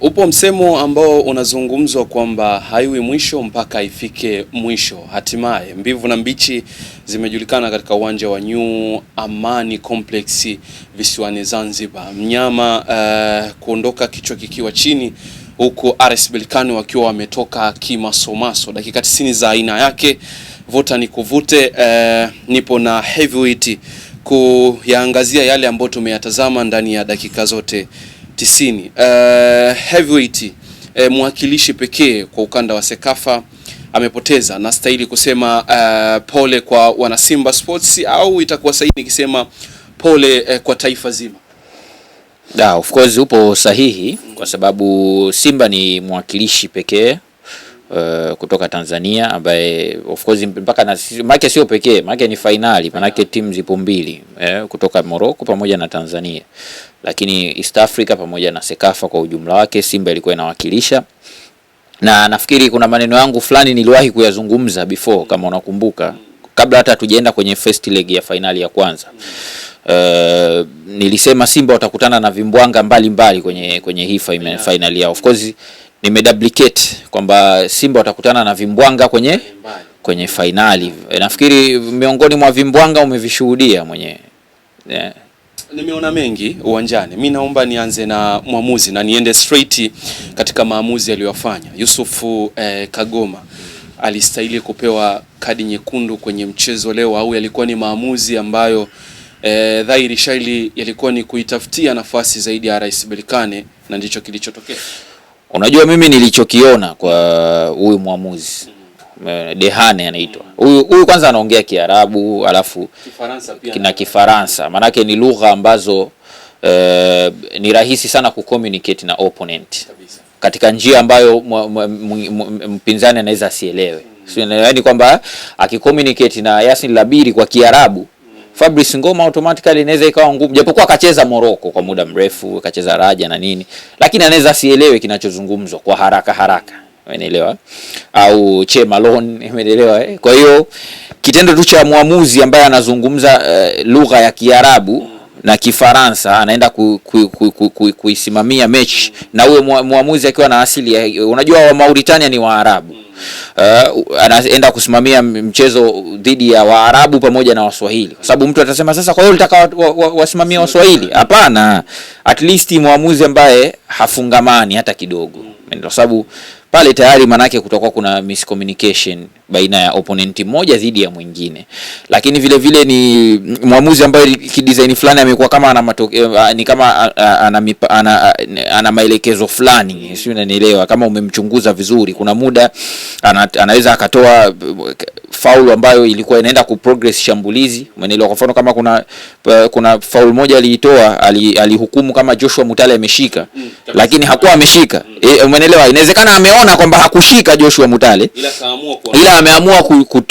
Upo msemo ambao unazungumzwa kwamba haiwi mwisho mpaka ifike mwisho. Hatimaye mbivu na mbichi zimejulikana katika uwanja wa New Amani Complex visiwani Zanzibar, mnyama uh, kuondoka kichwa kikiwa chini huku RS Berkane wakiwa wametoka kimasomaso. Dakika 90 za aina yake, vuta ni kuvute. Uh, nipo na Heavyweight kuyaangazia yale ambayo tumeyatazama ndani ya dakika zote tisini. Uh, Heavyweight uh, mwakilishi pekee kwa ukanda wa Sekafa amepoteza na stahili kusema uh, pole kwa wanasimba sports au itakuwa sahihi nikisema pole uh, kwa taifa zima? Da, of course upo sahihi kwa sababu Simba ni mwakilishi pekee uh, kutoka Tanzania ambaye of course mpaka na make sio pekee, make ni finali, maana timu zipo mbili eh, kutoka Morocco pamoja na Tanzania, lakini East Africa pamoja na Sekafa kwa ujumla wake Simba ilikuwa inawakilisha na nafikiri kuna maneno yangu fulani niliwahi kuyazungumza before kama unakumbuka, kabla hata hatujaenda kwenye first leg ya fainali ya kwanza. Uh, nilisema Simba watakutana na vimbwanga mbalimbali mbali kwenye, kwenye hii fainali yao of course nimedublicate kwamba Simba watakutana na vimbwanga kwenye kwenye fainali. Eh, nafikiri miongoni mwa vimbwanga umevishuhudia mwenyewe yeah. Nimeona mengi uwanjani. Mi naomba nianze na mwamuzi na niende straight katika maamuzi aliyofanya Yusufu eh, Kagoma alistahili kupewa kadi nyekundu kwenye mchezo leo, au yalikuwa ni maamuzi ambayo eh, dhahiri shaili yalikuwa ni kuitafutia nafasi zaidi ya Rais Berkane na ndicho kilichotokea. Unajua mimi nilichokiona kwa huyu mwamuzi Dehane anaitwa huyu huyu, kwanza anaongea Kiarabu alafu Kifaransa pia na Kifaransa, maanake ni lugha ambazo uh, ni rahisi sana kucommunicate na opponent kabisa, katika njia ambayo mpinzani anaweza asielewe. Mm. Sio, yaani kwamba akicommunicate na Yasin Labiri kwa Kiarabu Fabrice Ngoma automatically inaweza ikawa ngumu, japokuwa akacheza Morocco kwa muda mrefu, akacheza Raja na nini, lakini anaweza asielewe kinachozungumzwa kwa haraka haraka, umeelewa? Au Che Malone, umeelewa eh? Kwa hiyo kitendo tu cha mwamuzi ambaye anazungumza uh, lugha ya Kiarabu na Kifaransa anaenda kuisimamia ku, ku, ku, ku, mechi na huyo mwamuzi akiwa na asili, unajua wa Mauritania ni Waarabu. Uh, anaenda kusimamia mchezo dhidi ya Waarabu pamoja na Waswahili, kwa sababu mtu atasema sasa, kwa hiyo litaka wasimamia wa, wa, Waswahili? Hapana, at least mwamuzi ambaye hafungamani hata kidogo, kwa sababu pale tayari manake kutakuwa kuna miscommunication baina ya opponent mmoja dhidi ya mwingine, lakini vile vile ni mwamuzi ambaye kidesign fulani amekuwa kama ana eh, ni kama ana ana, ana maelekezo fulani, sio? Unanielewa, kama umemchunguza vizuri, kuna muda ana, anaweza akatoa faulu ambayo ilikuwa inaenda kuprogress shambulizi, umeelewa? Kwa mfano kama kuna uh, kuna faulu moja aliitoa alihukumu ali kama Joshua Mutale ameshika mm, lakini hakuwa ameshika mm. E, umeelewa? Inawezekana ameona kwamba hakushika Joshua Mutale ila, kwa ila ameamua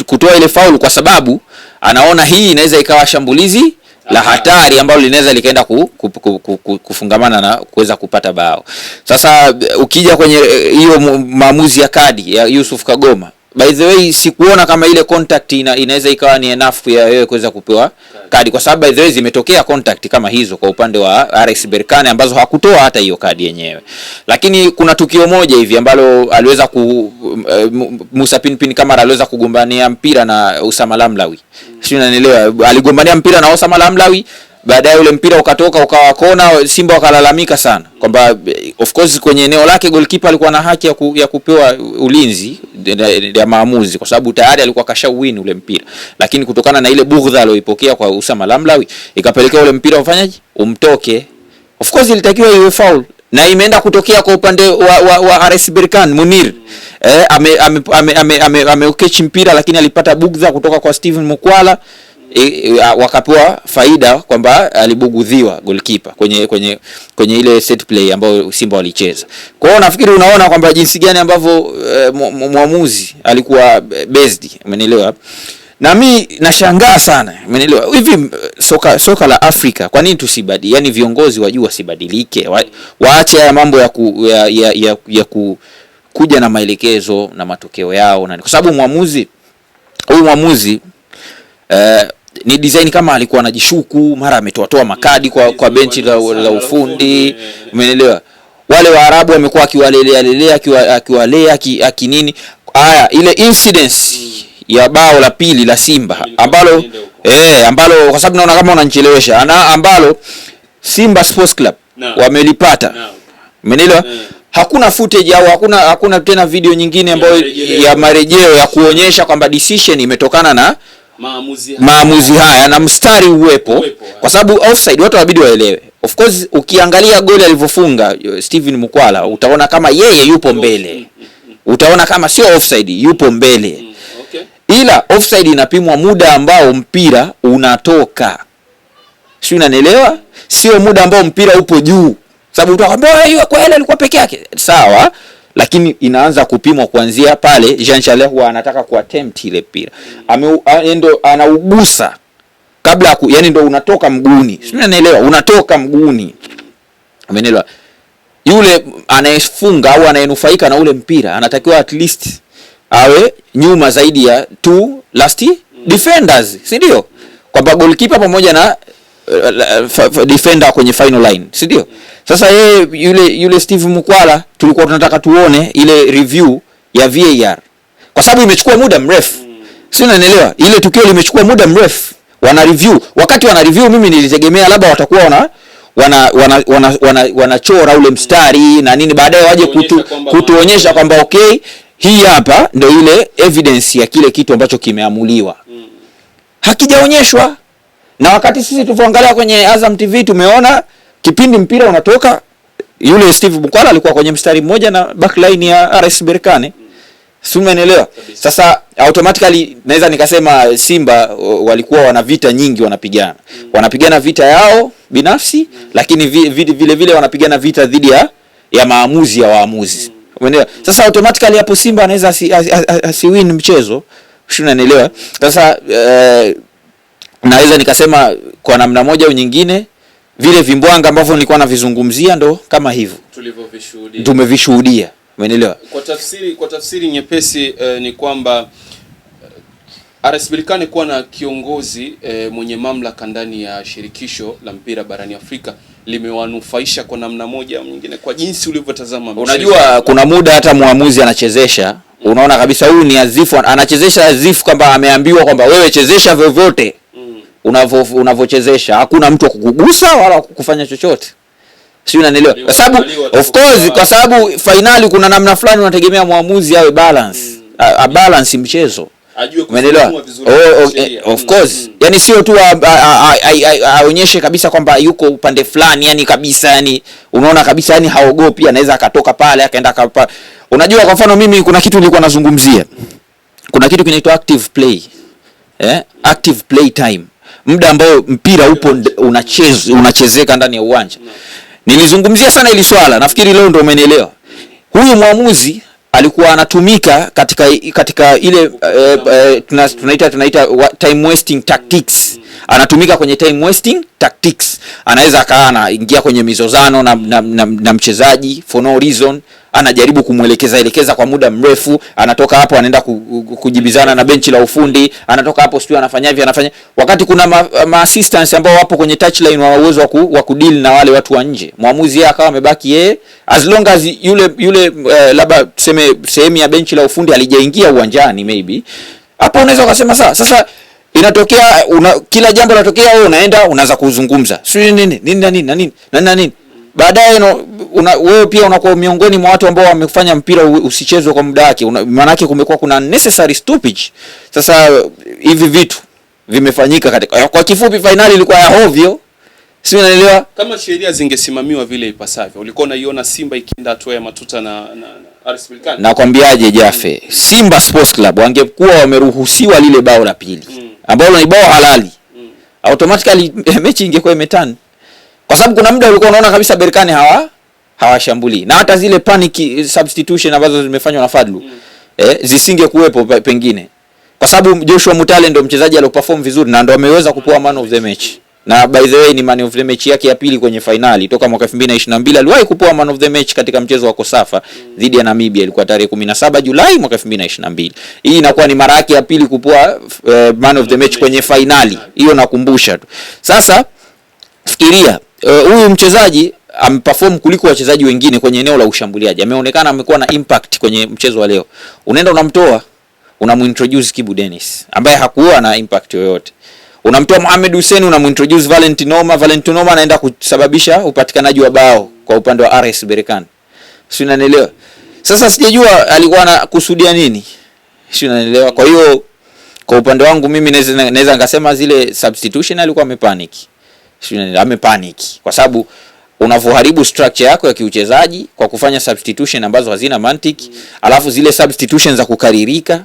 kutoa ile faulu kwa sababu anaona hii inaweza ikawa shambulizi la hatari ambalo linaweza likaenda ku, ku, ku, ku, ku, kufungamana na kuweza kupata bao. Sasa eh, ukija kwenye hiyo maamuzi ya kadi ya Yusuf Kagoma By the way sikuona kama ile contact ina, inaweza ikawa ni enough ya wewe kuweza kupewa kadi, kwa sababu by the way zimetokea contact kama hizo kwa upande wa RS Berkane ambazo hakutoa hata hiyo kadi yenyewe, lakini kuna tukio moja hivi ambalo aliweza ku eh, Musa Pinpin Kamara aliweza kugombania mpira na Usama Lamlawi, sio, unanielewa, aligombania mpira na Usama Lamlawi baadaye ule mpira ukatoka ukawa kona, Simba wakalalamika sana kwamba of course kwenye eneo lake goalkeeper alikuwa na haki ya, ku, ya kupewa ulinzi ya maamuzi kwa sababu tayari alikuwa kasha win ule mpira, lakini kutokana na ile bugdha aliyoipokea kwa Usama Lamlawi ikapelekea ule mpira ufanyaje umtoke. Of course ilitakiwa iwe foul na imeenda kutokea kwa upande wa, wa, wa RS Berkane Munir eh, ame ame ame, ame, ame, ame, ame mpira lakini alipata bugdha kutoka kwa Steven Mukwala e, wakapewa faida kwamba alibugudhiwa goalkeeper kwenye kwenye kwenye ile set play ambayo Simba walicheza. Kwa hiyo nafikiri unaona kwamba jinsi gani ambavyo e, mwamuzi alikuwa eh, based, umeelewa? Na mi nashangaa sana, umeelewa? Hivi eh, soka soka la Afrika kwa nini tusibadi, Yaani viongozi wajuu wasibadilike, wa, waache haya mambo ya ku, ya, ya, ya, ya ku, kuja na maelekezo na matokeo yao, na kwa sababu mwamuzi huyu mwamuzi Eh, ni design kama alikuwa anajishuku, mara ametoa toa mm, makadi kwa, kwa benchi la, la ufundi, eh. umeelewa? Wale Waarabu wamekuwa akiwalelea lelea akiwalea akinini. Haya, ile incidence mm. ya bao la pili la Simba ambalo eh, ambalo kwa sababu naona kama unanichelewesha ana ambalo Simba Sports Club wamelipata Umeelewa? Eh. Hakuna footage au hakuna hakuna tena video nyingine ambayo ya marejeo ya kuonyesha kwamba decision imetokana na maamuzi haya, maamuzi haya na mstari uwepo, uwepo kwa sababu offside watu wabidi waelewe. Of course ukiangalia goli alivyofunga Steven Mukwala utaona kama yeye yupo mbele, utaona kama sio offside, yupo mbele mm, okay. Ila offside inapimwa muda ambao mpira unatoka, sio, unanielewa? Sio muda ambao mpira upo juu, sababu utakwambia hiyo kwa ile alikuwa peke yake, sawa lakini inaanza kupimwa kuanzia pale Jean Charles huwa anataka kuattempt ile pira, e, ndo anaugusa kabla ku, yani ndo unatoka mguuni, sio unanielewa? Unatoka mguuni, umeelewa? Yule anayefunga au anayenufaika na ule mpira anatakiwa at least awe nyuma zaidi ya two last mm. defenders, si ndio? Kwamba goalkeeper pamoja na uh, defender kwenye final line, si ndio? Sasa yeye yule yule Steve Mukwala tulikuwa tunataka tuone ile review ya VAR kwa sababu imechukua muda mrefu, mm. si unanielewa? Ile tukio limechukua muda mrefu, wana review. Wakati wana review, mimi nilitegemea labda watakuwa wana wana wanachora wana, wana, wana ule mstari na nini, baadaye waje kutu, kutuonyesha kwamba okay, hii hapa ndio ile evidence ya kile kitu ambacho kimeamuliwa. Mm. Hakijaonyeshwa, na wakati sisi tulivyoangalia kwenye Azam TV tumeona Kipindi mpira unatoka yule Steve Bukwala alikuwa kwenye mstari mmoja na backline ya RS Berkane. Si umeelewa? Sasa automatically naweza nikasema Simba walikuwa wana vita nyingi wanapigana. Mm. Wanapigana vita yao binafsi mm. Lakini vile vile, vile wanapigana vita dhidi ya ya maamuzi ya waamuzi. Mm. Umeelewa? Sasa automatically hapo Simba anaweza win mchezo. si Unanielewa? Sasa uh, naweza nikasema kwa namna moja au nyingine vile vimbwanga ambavyo nilikuwa navizungumzia ndo kama hivyo tulivyovishuhudia, tumevishuhudia. Umeelewa? Kwa tafsiri, kwa tafsiri nyepesi eh, ni kwamba arasibilikane eh, kuwa na kiongozi eh, mwenye mamlaka ndani ya shirikisho la mpira barani Afrika limewanufaisha kwa namna moja au nyingine, kwa jinsi ulivyotazama. Unajua, kuna muda hata mwamuzi anachezesha, unaona kabisa huyu ni azifu, anachezesha azifu kwamba ameambiwa kwamba wewe chezesha vyovyote unavochezesha unavo hakuna mtu akukugusa wala kukufanya chochote, sio? Unanielewa? Kwa sababu of course, kwa sababu finali kuna namna fulani unategemea mwamuzi awe balance mm. a, a balance mchezo Umeelewa? Oh, okay. Oh, eh, of mm. course. Mm. Yaani sio tu aonyeshe kabisa kwamba yuko upande fulani, yani kabisa, yani unaona kabisa, yani haogopi, anaweza akatoka pale akaenda akapa. Unajua, kwa mfano mimi kuna kitu nilikuwa nazungumzia. Kuna kitu kinaitwa active play. Eh? Active play time muda ambao mpira upo unacheze, unachezeka ndani ya uwanja. Nilizungumzia sana hili swala, nafikiri leo ndio umenielewa. Huyu mwamuzi alikuwa anatumika katika katika ile eh, eh, tunaita tunaita time wasting tactics, anatumika kwenye time wasting tactics. Anaweza akaa anaingia kwenye mizozano na, na, na, na mchezaji for no reason anajaribu kumwelekeza elekeza kwa muda mrefu, anatoka hapo anaenda kujibizana na benchi la ufundi, anatoka hapo sio anafanya hivi anafanya, wakati kuna ma, ma ambao wapo kwenye touchline wana uwezo wa, ku, wa na wale watu wa nje. Mwamuzi yeye akawa amebaki yeye, as long as yule yule uh, labda tuseme sehemu ya benchi la ufundi alijaingia uwanjani, maybe hapo unaweza ukasema sawa. Sasa inatokea una, kila jambo linatokea wewe unaenda unaanza kuzungumza sio nini nini na nini na nini na nini baadaye una, wewe pia unakuwa miongoni mwa watu ambao wamefanya mpira usichezwe kwa muda wake. Maana yake kumekuwa kuna necessary stoppage. Sasa hivi vitu vimefanyika katika, kwa kifupi, fainali ilikuwa ya hovyo, sio? Unaelewa, kama sheria zingesimamiwa vile ipasavyo, ulikuwa unaiona Simba ikienda hatua ya matuta na, na, na RS Berkane. Nakwambiaje Jaffe, mm. Simba Sports Club wangekuwa wameruhusiwa lile bao la pili mm. ambalo ni bao halali mm. automatically mechi ingekuwa imetani kwa sababu kuna muda ulikuwa unaona kabisa Berkane hawa hawashambuli na hata zile panic eh, substitution ambazo zimefanywa na Fadlu mm. eh, zisinge kuwepo pengine, kwa sababu Joshua Mutale ndio mchezaji alioperform vizuri na ndio ameweza kupoa man of the match na by the way ni man of the match yake ya pili kwenye finali toka mwaka 2022. Aliwahi kupewa man of the match katika mchezo wa Kosafa mm. dhidi mm. ya Namibia, ilikuwa tarehe 17 Julai mwaka 2022. Hii inakuwa ni mara yake ya pili kupewa uh, eh, man of the match kwenye finali. hiyo, nakumbusha tu. Sasa fikiria Eh, huyu uh, mchezaji ameperform kuliko wachezaji wengine kwenye eneo la ushambuliaji. Ameonekana amekuwa na impact kwenye mchezo wa leo. Unaenda unamtoa, unamintroduce Kibu Dennis ambaye hakuwa na impact yoyote. Unamtoa Mohamed Hussein unamintroduce Valentinoma. Valentinoma anaenda kusababisha upatikanaji wa bao kwa upande wa RS Berkane. Si unanielewa? Sasa sijajua alikuwa anakusudia nini. Si unanielewa? Kwa hiyo kwa upande wangu mimi naweza naweza ngasema zile substitution alikuwa amepanic amepanic kwa sababu unavoharibu structure yako ya kiuchezaji kwa kufanya substitution ambazo hazina mantiki mm. Alafu zile substitution za kukaririka,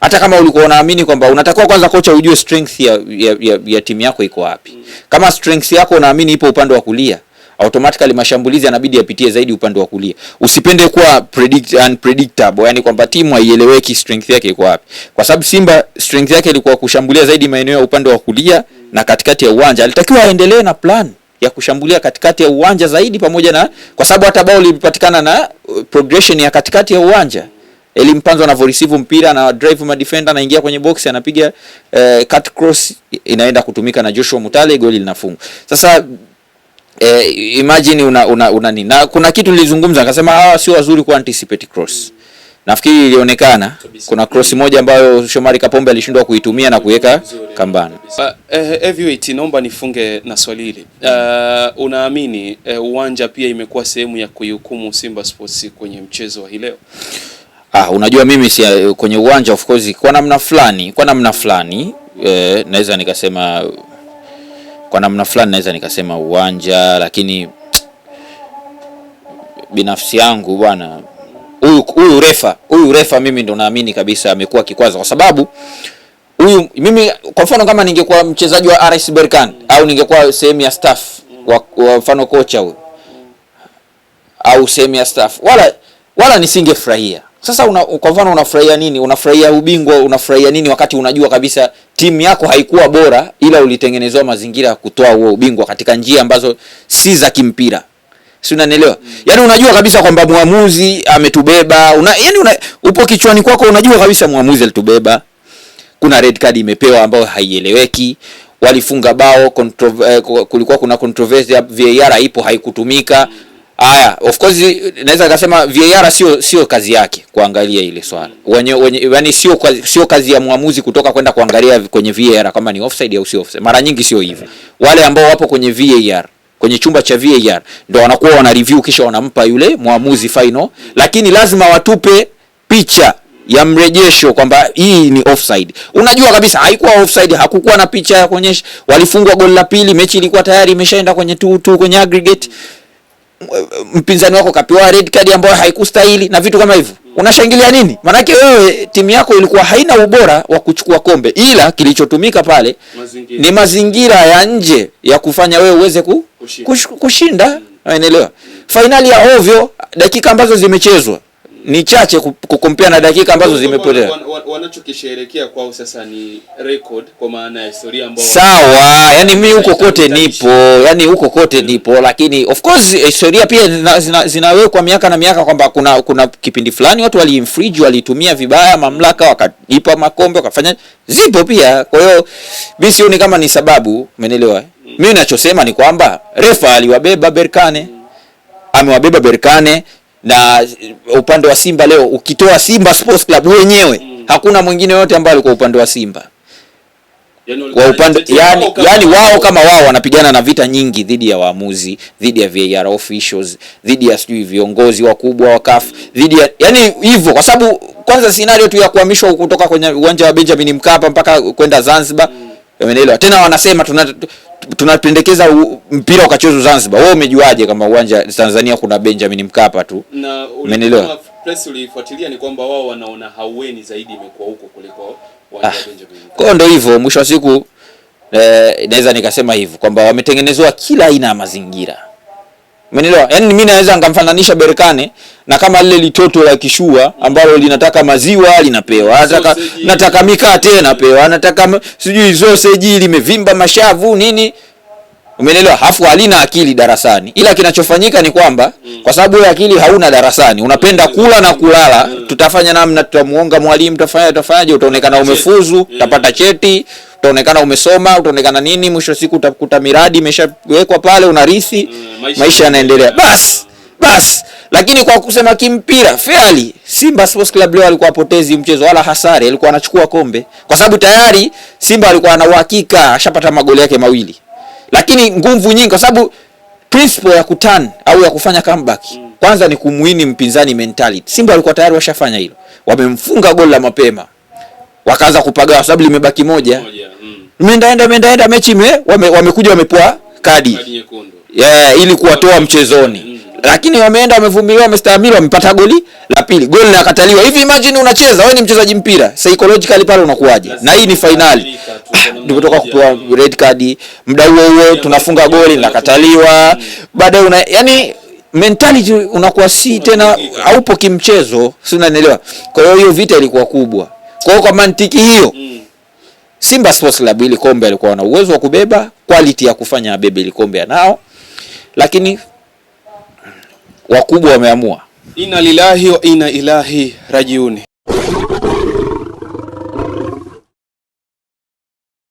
hata kama ulikuwa unaamini kwamba unatakiwa kwanza, kocha, ujue strength ya, ya, ya, ya timu yako iko wapi Kama strength yako unaamini ipo upande wa kulia, automatically mashambulizi yanabidi yapitie zaidi upande wa kulia. Usipende kuwa predict unpredictable, yani kwamba timu haieleweki strength yake iko wapi, kwa sababu Simba strength yake ilikuwa kushambulia zaidi maeneo ya upande wa kulia mm na katikati ya uwanja, alitakiwa aendelee na plan ya kushambulia katikati ya uwanja zaidi, pamoja na kwa sababu hata bao lilipatikana na uh, progression ya katikati ya uwanja. Elim Panzo anavyoreceive mpira na drive ma defender anaingia kwenye box anapiga eh, cut cross inaenda kutumika na Joshua Mutale, goli linafungwa. Sasa eh, imagine una, una, una nini na kuna kitu nilizungumza, akasema hawa sio wazuri ku anticipate cross mm. Nafikiri ilionekana kuna cross moja ambayo Shomari Kapombe alishindwa kuitumia na kuweka kambani. Uh, eh, eh, heavyweight, naomba nifunge na swali hili. Mm. Uh, unaamini uh, uwanja pia imekuwa sehemu ya kuihukumu Simba Sports kwenye mchezo wa hii leo? Ah, unajua mimi si kwenye uwanja of course, kwa namna fulani, kwa namna fulani eh, naweza nikasema kwa namna fulani naweza nikasema uwanja, lakini binafsi yangu bwana huyu huyu refa huyu refa, mimi ndo naamini kabisa amekuwa kikwazo, kwa sababu huyu mimi, kwa mfano kama ningekuwa mchezaji wa RS Berkane au ningekuwa sehemu ya staff wa, wa mfano kocha huyu au sehemu ya staff, wala wala nisingefurahia. Sasa una, kwa mfano unafurahia nini? Unafurahia ubingwa, unafurahia nini wakati unajua kabisa timu yako haikuwa bora, ila ulitengenezewa mazingira ya kutoa huo ubingwa katika njia ambazo si za kimpira si unanielewa? Mm. Yaani unajua kabisa kwamba mwamuzi ametubeba. Una, yani una, upo kichwani kwako unajua kabisa mwamuzi alitubeba. Kuna red card imepewa ambayo haieleweki. Walifunga bao kontro, eh, kulikuwa kuna controversy VAR ipo haikutumika. Haya, mm. Of course naweza kusema VAR sio sio kazi yake kuangalia ile swala. Wenye, wenye yani sio sio kazi ya mwamuzi kutoka kwenda kuangalia kwenye VAR kama ni offside au sio offside. Mara nyingi sio hivyo. Wale ambao wapo kwenye VAR kwenye chumba cha VAR ndio wanakuwa wana review kisha wanampa yule mwamuzi final, lakini lazima watupe picha ya mrejesho kwamba hii ni offside. Unajua kabisa haikuwa offside, hakukuwa na picha ya kuonyesha. Walifungwa goli la pili, mechi ilikuwa tayari imeshaenda kwenye tu tu kwenye aggregate. Mpinzani wako kapewa red card ambayo haikustahili na vitu kama hivyo. Unashangilia nini? Maanake wewe timu yako ilikuwa haina ubora wa kuchukua kombe, ila kilichotumika pale mazingira ni mazingira ya nje ya kufanya wewe uweze ku kushinda, kushinda. Unaelewa? Fainali ya ovyo, dakika ambazo zimechezwa ni chache kukompea na dakika ambazo zimepotea. Wanachokisherekea kwao sasa ni record, kwa maana ya historia ambayo sawa. Yani mimi huko kote nipo, yani huko kote nipo, lakini of course eh, historia pia zinawekwa zina miaka na miaka kwamba kuna kuna kipindi fulani watu wali walitumia vibaya mamlaka, wakajipa makombe, wakafanya zipo pia. Kwa hiyo mimi sioni kama ni sababu, umeelewa? mimi ninachosema ni kwamba refa aliwabeba Berkane, amewabeba Berkane na upande wa Simba leo ukitoa Simba Sports Club wenyewe mm. hakuna mwingine yote ambaye alikuwa upande wa Simba wa upande yani, yani wao kama wao wanapigana na vita nyingi dhidi ya waamuzi, dhidi ya VAR officials, dhidi ya sijui viongozi wakubwa wa CAF, dhidi ya yani hivyo, kwa sababu kwanza scenario tu ya kuhamishwa kutoka kwenye uwanja wa Benjamin Mkapa mpaka kwenda Zanzibar, mm. umeelewa? Tena wanasema tuna tunapendekeza mpira ukachezwa Zanzibar. Wewe umejuaje kama uwanja Tanzania kuna Benjamin Mkapa tu? Na umeelewa press ulifuatilia, ni kwamba wao wanaona haueni zaidi imekuwa huko kuliko uwanja ah, Benjamin Mkapa. Kwa ndio hivyo, mwisho wa siku eh, naweza nikasema hivyo kwamba wametengenezewa kila aina ya mazingira Umeelewa? Yaani mimi naweza ngamfananisha Berkane na kama lile litoto la kishua ambalo linataka maziwa linapewa, nataka nataka mikate napewa, nataka sijui sausage limevimba mashavu nini Umeelewa? Hafu halina akili darasani, ila kinachofanyika ni kwamba mm. kwa sababu ile akili hauna darasani, unapenda mm. kula na kulala mm. tutafanya namna, tutamuonga mwalimu, tutafanya tutafanyaje, utaonekana umefuzu, utapata cheti, utaonekana umesoma, utaonekana nini, mwisho siku utakuta miradi imeshawekwa pale, unarisi maisha yanaendelea, basi basi. Lakini kwa kusema kimpira fairly, Simba Sports Club leo alikuwa apotezi mchezo wala hasari, alikuwa anachukua kombe, kwa sababu tayari Simba alikuwa ana uhakika ashapata magoli yake mawili lakini nguvu nyingi, kwa sababu principle ya kutan au ya kufanya comeback mm. kwanza ni kumuini mpinzani mentality. Simba walikuwa tayari washafanya hilo, wamemfunga goli la mapema, wakaanza kupagawa sababu limebaki moja, mm. meendaenda meendaenda mechi ime wamekuja wamepoa kadi, yeah, ili kuwatoa mm. mchezoni lakini wameenda wamevumiliwa, wamestahimili, wamepata goli la pili, goli la kataliwa. Hivi imagine unacheza wewe, ni mchezaji mpira, psychologically pale unakuwaje? Na hii ni finali, ah, ndipo toka kupewa red card, muda huo huo tunafunga goli la kataliwa, baadaye una yani mentality unakuwa si tena, haupo kimchezo, si unanielewa? Kwa hiyo hiyo vita ilikuwa kubwa. Kwa hiyo kwa mantiki hiyo mm. Simba Sports Club ile kombe alikuwa na uwezo wa kubeba, quality ya kufanya abebe ile kombe nao, lakini wakubwa wameamua. Inna lillahi wa inna ilahi rajiuni.